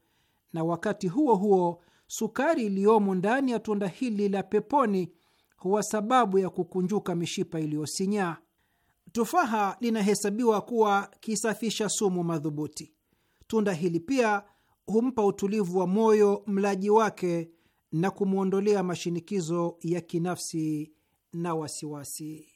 na wakati huo huo sukari iliyomo ndani ya tunda hili la peponi huwa sababu ya kukunjuka mishipa iliyosinyaa. Tufaha linahesabiwa kuwa kisafisha sumu madhubuti. Tunda hili pia humpa utulivu wa moyo mlaji wake na kumwondolea mashinikizo ya kinafsi na wasiwasi.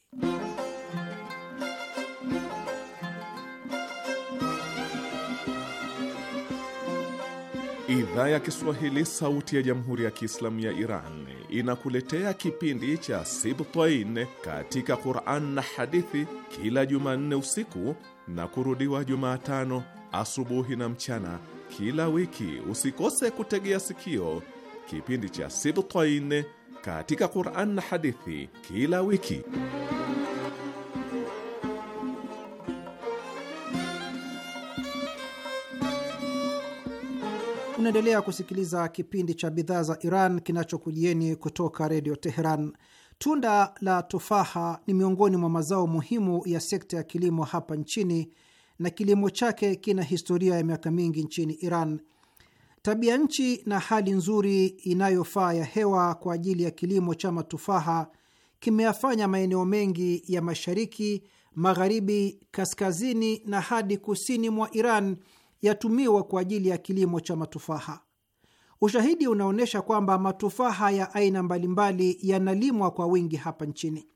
Idhaa ya Kiswahili, Sauti ya Jamhuri ya Kiislamu ya Iran inakuletea kipindi cha Sibtain katika Quran na Hadithi kila Jumanne usiku na kurudiwa Jumatano asubuhi na mchana kila wiki. Usikose kutegea sikio kipindi cha Sibtain katika Quran na Hadithi kila wiki. Unaendelea kusikiliza kipindi cha bidhaa za Iran kinachokujieni kutoka redio Teheran. Tunda la tufaha ni miongoni mwa mazao muhimu ya sekta ya kilimo hapa nchini na kilimo chake kina historia ya miaka mingi nchini Iran. Tabia nchi na hali nzuri inayofaa ya hewa kwa ajili ya kilimo cha matufaha kimeyafanya maeneo mengi ya mashariki, magharibi, kaskazini na hadi kusini mwa Iran yatumiwa kwa ajili ya kilimo cha matufaha. Ushahidi unaonyesha kwamba matufaha ya aina mbalimbali yanalimwa kwa wingi hapa nchini.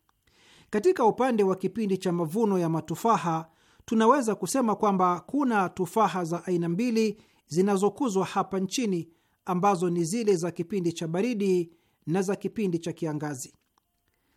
Katika upande wa kipindi cha mavuno ya matufaha, tunaweza kusema kwamba kuna tufaha za aina mbili zinazokuzwa hapa nchini ambazo ni zile za kipindi cha baridi na za kipindi cha kiangazi.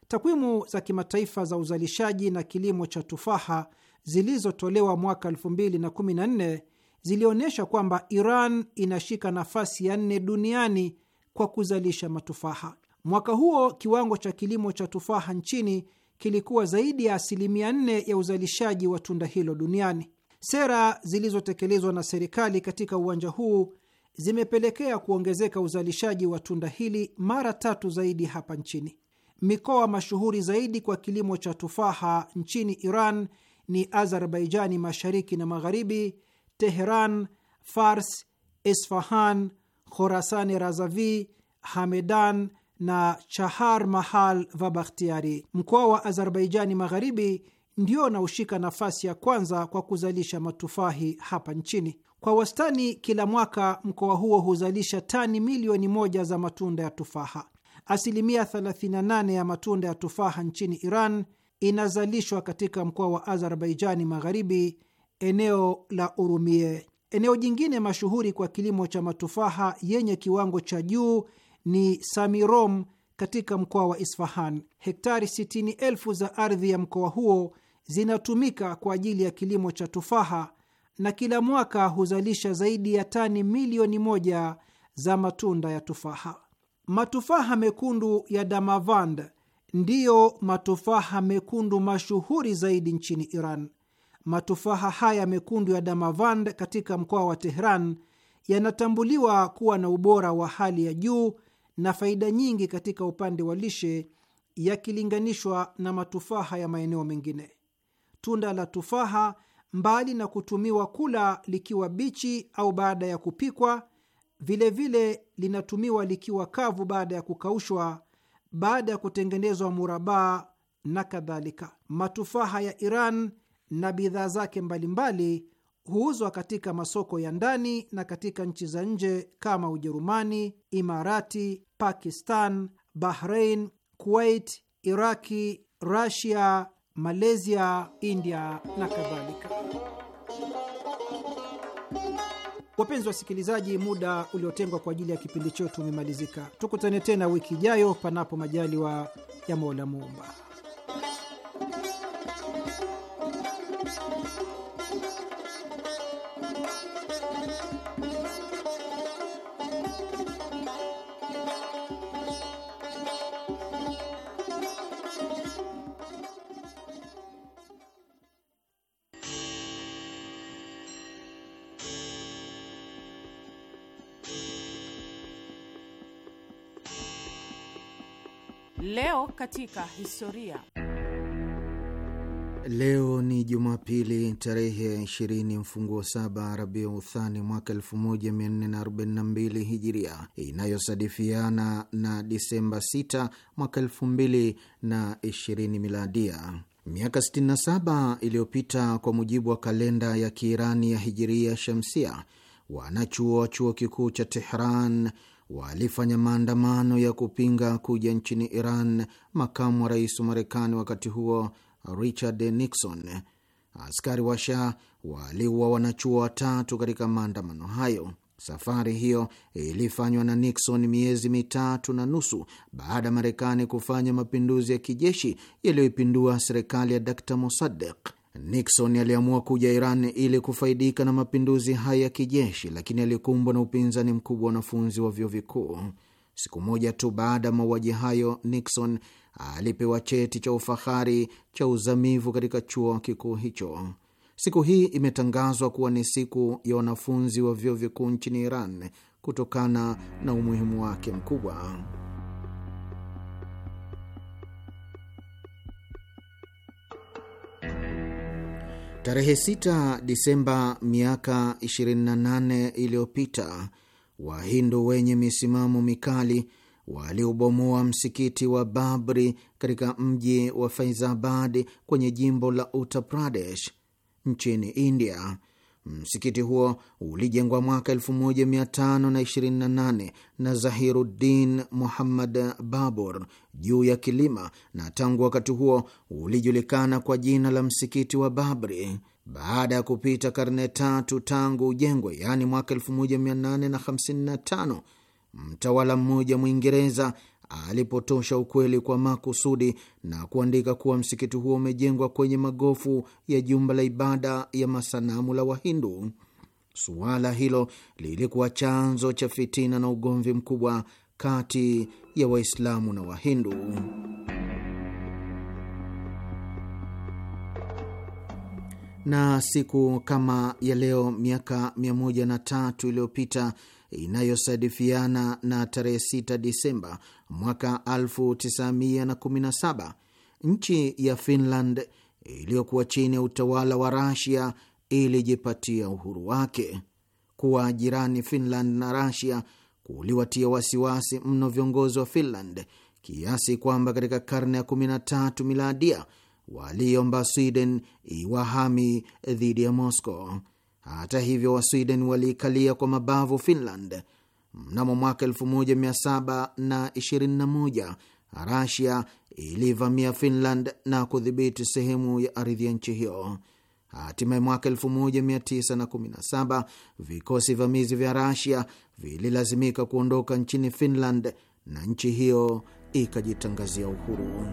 Takwimu za kimataifa za uzalishaji na kilimo cha tufaha zilizotolewa mwaka 2014 zilionyesha kwamba Iran inashika nafasi ya nne duniani kwa kuzalisha matufaha. Mwaka huo kiwango cha kilimo cha tufaha nchini kilikuwa zaidi ya asilimia nne ya uzalishaji wa tunda hilo duniani. Sera zilizotekelezwa na serikali katika uwanja huu zimepelekea kuongezeka uzalishaji wa tunda hili mara tatu zaidi hapa nchini. Mikoa mashuhuri zaidi kwa kilimo cha tufaha nchini Iran ni Azerbaijani mashariki na magharibi, Teheran, Fars, Isfahan, Khorasani Razavi, Hamedan na Chahar Mahal va Bakhtiari. Mkoa wa Azerbaijani Magharibi ndio unaoshika nafasi ya kwanza kwa kuzalisha matufahi hapa nchini. Kwa wastani, kila mwaka mkoa huo huzalisha tani milioni moja za matunda ya tufaha. Asilimia 38 ya matunda ya tufaha nchini Iran inazalishwa katika mkoa wa Azerbaijani Magharibi eneo la Urumie. Eneo jingine mashuhuri kwa kilimo cha matufaha yenye kiwango cha juu ni Samirom katika mkoa wa Isfahan. Hektari sitini elfu za ardhi ya mkoa huo zinatumika kwa ajili ya kilimo cha tufaha na kila mwaka huzalisha zaidi ya tani milioni moja za matunda ya tufaha. Matufaha mekundu ya Damavand ndiyo matufaha mekundu mashuhuri zaidi nchini Iran. Matufaha haya mekundu ya Damavand katika mkoa wa Tehran yanatambuliwa kuwa na ubora wa hali ya juu na faida nyingi katika upande wa lishe yakilinganishwa na matufaha ya maeneo mengine. Tunda la tufaha, mbali na kutumiwa kula likiwa bichi au baada ya kupikwa, vilevile vile linatumiwa likiwa kavu baada ya kukaushwa, baada ya kutengenezwa murabaa na kadhalika. Matufaha ya Iran na bidhaa zake mbalimbali huuzwa katika masoko ya ndani na katika nchi za nje kama Ujerumani, Imarati, Pakistan, Bahrain, Kuwait, Iraki, Rusia, Malaysia, India na kadhalika. Wapenzi wasikilizaji, muda uliotengwa kwa ajili ya kipindi chetu umemalizika. Tukutane tena wiki ijayo, panapo majaliwa ya Mola Muumba. Leo katika historia. Leo ni Jumapili tarehe 20 mfunguo saba Rabiu Uthani mwaka 1442 Hijiria, inayosadifiana na Disemba 6 mwaka 2020 Miladia. Miaka 67 iliyopita kwa mujibu wa kalenda ya Kiirani ya Hijiria Shamsia, wanachuo wa chuo kikuu cha Tehran walifanya maandamano ya kupinga kuja nchini Iran makamu wa rais wa Marekani wakati huo Richard Nixon. Askari wa Shah waliua wanachuo watatu katika maandamano hayo. Safari hiyo ilifanywa na Nixon miezi mitatu na nusu baada ya Marekani kufanya mapinduzi ya kijeshi yaliyoipindua serikali ya Dr mosadek Nixon aliamua kuja Iran ili kufaidika na mapinduzi haya ya kijeshi, lakini alikumbwa na upinzani mkubwa wa wanafunzi wa vyuo vikuu. Siku moja tu baada ya mauaji hayo, Nixon alipewa cheti cha ufahari cha uzamivu katika chuo kikuu hicho. Siku hii imetangazwa kuwa ni siku ya wanafunzi wa vyuo vikuu nchini Iran kutokana na umuhimu wake mkubwa. Tarehe 6 Disemba miaka 28 iliyopita, Wahindu wenye misimamo mikali waliubomoa msikiti wa Babri katika mji wa Faizabad kwenye jimbo la Uttar Pradesh nchini India Msikiti huo ulijengwa mwaka 1528 na Zahiruddin Muhammad Babur juu ya kilima, na tangu wakati huo ulijulikana kwa jina la msikiti wa Babri. Baada ya kupita karne tatu tangu ujengwe, yaani mwaka 1855, mtawala mmoja Mwingereza alipotosha ukweli kwa makusudi na kuandika kuwa msikiti huo umejengwa kwenye magofu ya jumba la ibada ya masanamu la Wahindu. Suala hilo lilikuwa chanzo cha fitina na ugomvi mkubwa kati ya Waislamu na Wahindu. Na siku kama ya leo miaka 103 iliyopita inayosadifiana na tarehe 6 Disemba mwaka 1917 nchi ya Finland iliyokuwa chini ya utawala wa Rasia ilijipatia uhuru wake. Kuwa jirani Finland na Rasia kuliwatia wasiwasi mno viongozi wa Finland kiasi kwamba katika karne ya 13 miladia waliomba Sweden iwahami dhidi ya Moscow. Hata hivyo, Wasweden waliikalia kwa mabavu Finland Mnamo mwaka 1721 Rasia ilivamia Finland na kudhibiti sehemu ya ardhi ya nchi hiyo. Hatimaye mwaka 1917 vikosi vamizi vya Rasia vililazimika kuondoka nchini Finland na nchi hiyo ikajitangazia uhuru.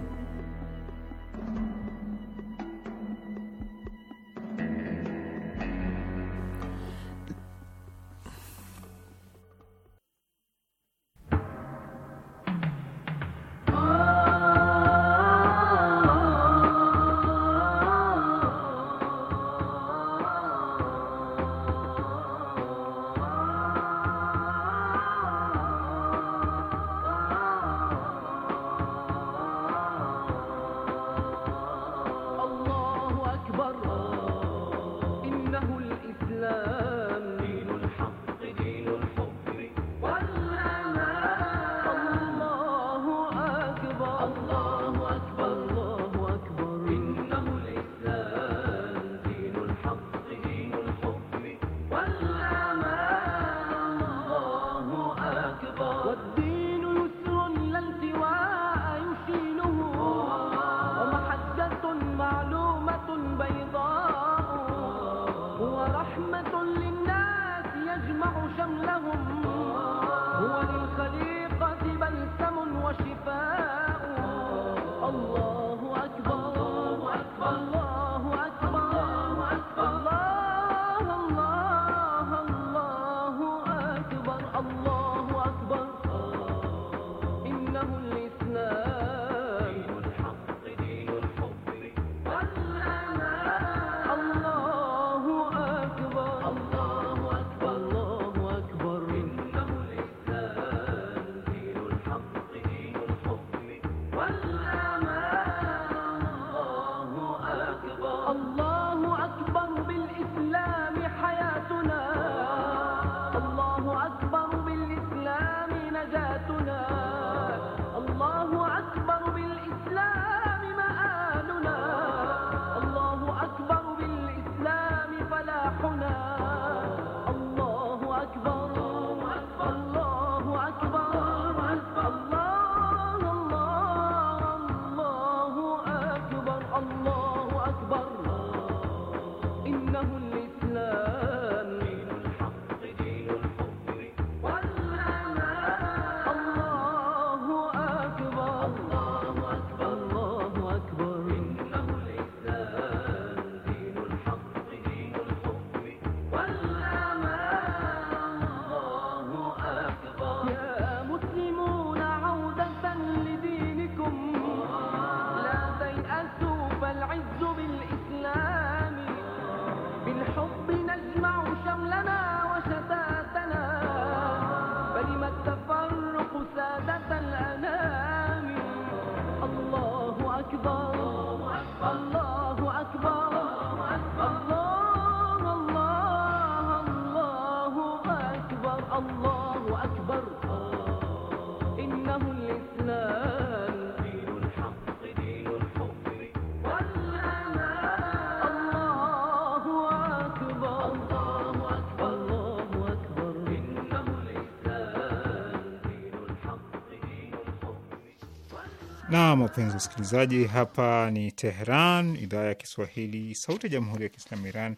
Naam, wapenzi wasikilizaji, hapa ni Tehran, idhaa ya Kiswahili, sauti ya jamhuri ya kiislamu Iran,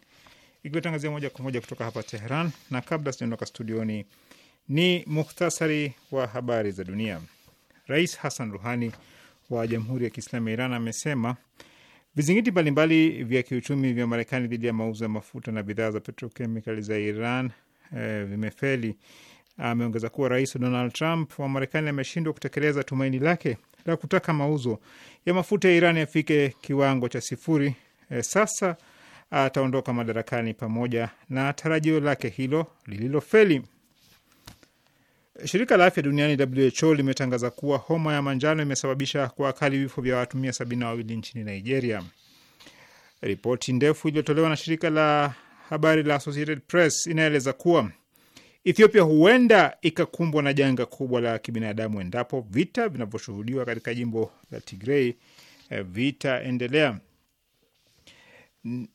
ikiwatangazia moja kwa moja kutoka hapa Tehran. Na kabla sijaondoka studioni, ni muhtasari wa habari za dunia. Rais Hassan Ruhani wa Jamhuri ya Kiislamu ya Iran amesema vizingiti mbalimbali vya kiuchumi vya Marekani dhidi ya mauzo ya mafuta na bidhaa za petrokemikali za Iran eh, vimefeli. Ameongeza kuwa Rais Donald Trump wa Marekani ameshindwa kutekeleza tumaini lake la kutaka mauzo ya mafuta ya Iran yafike kiwango cha sifuri e, sasa ataondoka madarakani pamoja na tarajio lake hilo lililofeli. Shirika la afya duniani WHO limetangaza kuwa homa ya manjano imesababisha kwa akali vifo vya watu mia sabini na wawili nchini Nigeria. Ripoti ndefu iliyotolewa na shirika la habari la Associated Press inaeleza kuwa Ethiopia huenda ikakumbwa na janga kubwa la kibinadamu endapo vita vinavyoshuhudiwa katika jimbo la Tigrei eh, vitaendelea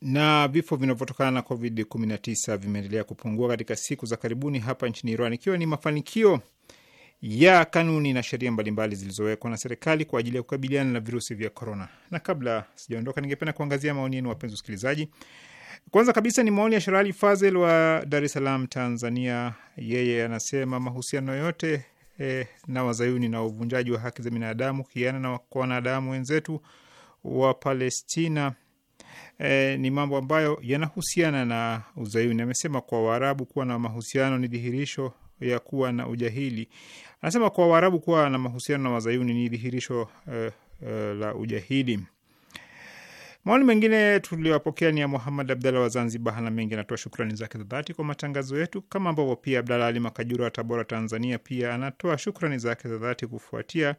na vifo vinavyotokana na Covid 19 vimeendelea kupungua katika siku za karibuni hapa nchini Iran, ikiwa ni mafanikio ya kanuni na sheria mbalimbali zilizowekwa na serikali kwa ajili ya kukabiliana na virusi vya korona. Na kabla sijaondoka, ningependa kuangazia maoni yenu, wapenzi wasikilizaji, kwanza kabisa ni maoni ya Sherali Fazel wa Dar es Salaam, Tanzania. Yeye anasema mahusiano yote eh, na wazayuni na uvunjaji wa haki za binadamu, kiana na kwa wanadamu wenzetu wa Palestina eh, ni mambo ambayo yanahusiana na uzayuni. Amesema kwa Waarabu kuwa na mahusiano ni dhihirisho ya kuwa na ujahili. Anasema kwa Waarabu kuwa na mahusiano na wazayuni ni dhihirisho eh, eh, la ujahili. Maoni mengine tuliyopokea ni ya Muhamad Abdalla wa Zanzibar. Hana mengi, anatoa shukrani zake za dhati kwa matangazo yetu, kama ambavyo pia abdala Ali Makajura wa Tabora, Tanzania, pia anatoa shukrani zake za dhati kufuatia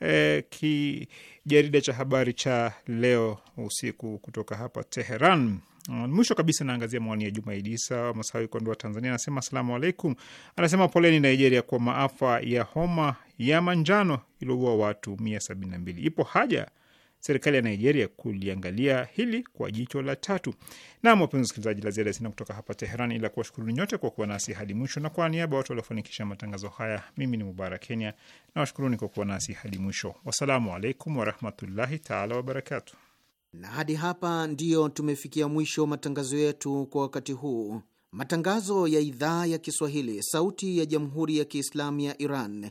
eh, kijarida cha habari cha leo usiku kutoka hapa Teheran. Mwisho kabisa naangazia maoni ya Juma Idisa Masawi Kondoa, Tanzania, anasema asalamu alaikum. Anasema poleni Nigeria kwa maafa ya homa ya manjano iliyoua watu mia sabini na mbili. Ipo haja serikali ya Nigeria kuliangalia hili kwa jicho la tatu. Naam, wapenzi wasikilizaji, la ziada sina kutoka hapa Teheran ila kuwashukuru nyote kwa kuwa nasi hadi mwisho, na kwa niaba watu waliofanikisha matangazo haya, mimi ni Mubarak Kenya na washukuruni kwa kuwa nasi hadi mwisho. Wassalamu alaikum warahmatullahi taala wabarakatu. Na hadi hapa ndiyo tumefikia mwisho matangazo yetu kwa wakati huu. Matangazo ya idhaa ya Kiswahili, sauti ya jamhuri ya kiislamu ya Iran